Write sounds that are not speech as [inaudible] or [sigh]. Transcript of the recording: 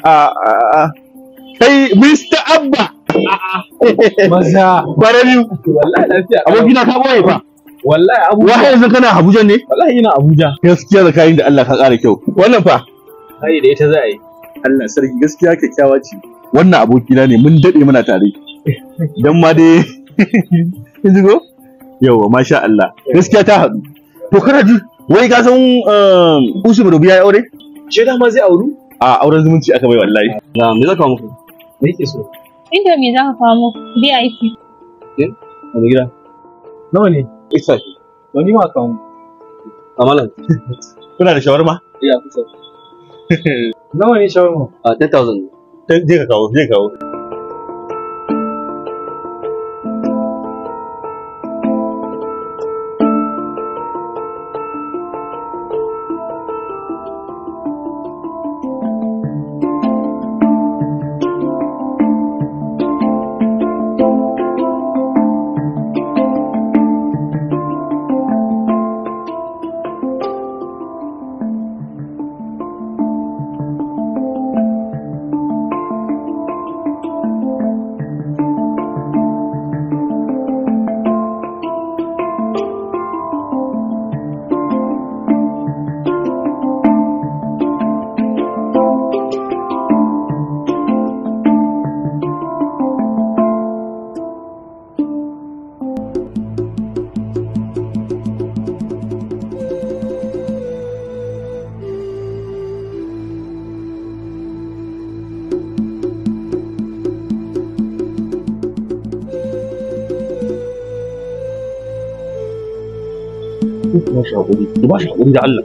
Ah, ah, ah. kai Mr. Abba maza barani aboki na ka boye fa wallahi abuja wai yanzu kana Abuja ne wallahi ina Abuja gaskiya da zakarin da Allah ka kara kyau wannan fa kai da ita za a yi Allah sarki gaskiya kyakkyawa ce wannan abokina ne mun daɗe muna tare dan ma dai [laughs] kin go yawa masha Allah gaskiya ta haɗu to kana ji wai ka san um, Usman Rubiya ya aure ce da ma zai auru a auren zumunci aka bai wallahi na me zaka muku me yake so inda me zaka famu bi aiki eh wani gida nawa ne isa wani ma kan amalan [laughs] kuna da shawarma iya kusa [laughs] nawa ne shawarma a ah, 10000 je ka kawo je ka kawo اسمه شعبولي ما شاء الله قال لك